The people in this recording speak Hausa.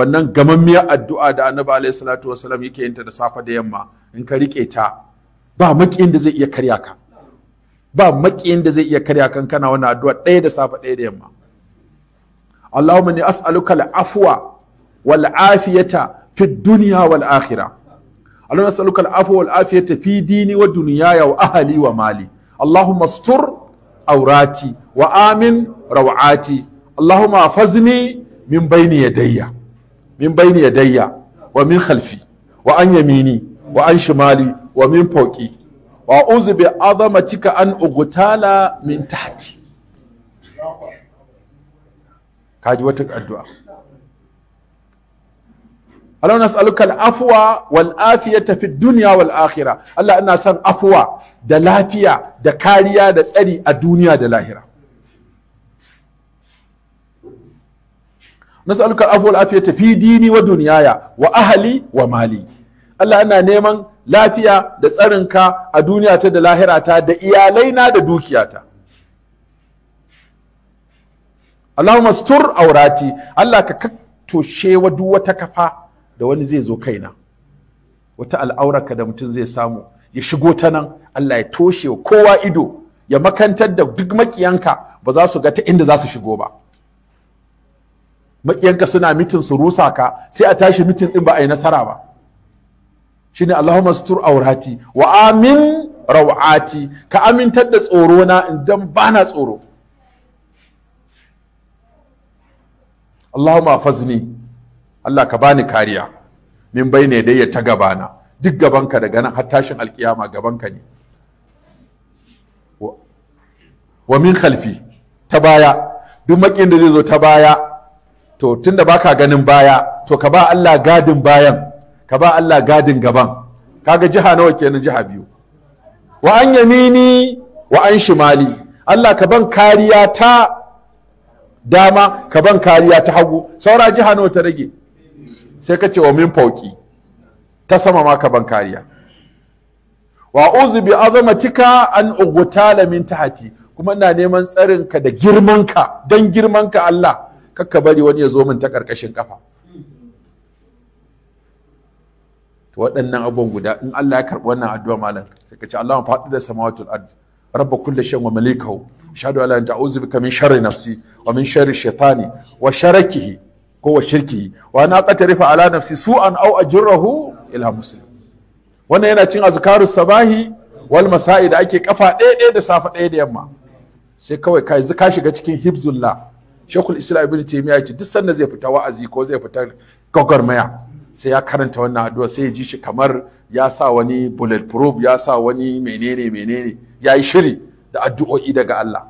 wannan gamammiyar addu'a da annabi alaihi salatu wasalam yake yin ta da safe da yamma in ka rike ta ba makiyin da zai iya karya ka ba makiyin da zai iya karya kan kana wannan addu'a ɗaya da safe ɗaya da yamma Allahumma ni as'aluka al-afwa wal afiyata fid dunya wal akhirah اللهم نسألك العفو والعافية wa ديني ودنياي وأهلي ومالي Wa amin أوراتي وآمن روعاتي اللهم أفزني من بين yadayya min bayni yadayya wa min khalfi wa an yamini wa an shimali wa min fawqi wa uzu bi azamatika an ugutala min tahti kaji wata addu'a Allah nas'aluka al-afwa wal afiyata fid dunya wal Allah ina son afwa da lafiya da kariya da tsari a duniya da lahira nas'aluka afuwar wal ta fi dini wa duniyaya wa ahali wa mali Allah ana neman lafiya da tsarinka a duniya ta da lahira ta da na da dukiyata Allahumma stur aurati Allah ka katoshe wa duk wata kafa da wani zai zo kaina wata al'aurarka da mutum zai samu ya shigo ta nan Allah ya toshe wa kowa ido ya makantar da duk makiyanka ba za su ga ta inda za su shigo ba maƙiyanka suna mitin su rusa ka sai a tashi mitin din ba a yi nasara ba shine Allahumma sutur aurati wa amin rawati ka amintar da tsoro na idan bana tsoro Allahumma fazni Allah ka bani kariya min bai ne dai ya ta gabana duk gabanka daga nan har tashin alkiyama gabanka ne wa min khalfi ta baya duk makin da zai zo ta baya to tunda baka ganin baya to ka ba Allah gadin bayan ka ba Allah gadin gaban kaga jiha nawa kenan jiha biyu wa an yamini wa an shimali Allah ka ban kariya ta dama ka ban kariya ta hagu saura jiha nawa ta rage sai ka ce wa min fauki ta sama ma ka ban kariya wa uzu bi azamatika an ugutala min tahti kuma ina neman tsarin ka da girman ka dan girman Allah kakka bari wani ya zo min ta ƙarƙashin kafa to waɗannan abubuwan guda in Allah ya karɓi wannan addu'a malam sai ka ce Allahumma faɗi da samawatul ard rabba kulli shay'in wa malikahu ashhadu an la ilaha illa anta a'udhu bika min sharri nafsi wa min sharri shaytani wa sharakihi ko wa shirkihi wa ana qatarifa ala nafsi su'an aw ajrahu ila muslim wannan yana cin azkarus sabahi wal masa'i da ake kafa ɗaya ɗaya da safa ɗaya da yamma sai kawai ka yanzu shiga cikin hibzullah shekul islam ibn taymiya ce duk sanda zai fita wa'azi ko zai fita gwagwarmaya sai ya karanta wannan addu'a sai ya ji shi kamar ya sa wani bulletproof ya sa wani menene menene ya yi shiri da addu'o'i daga Allah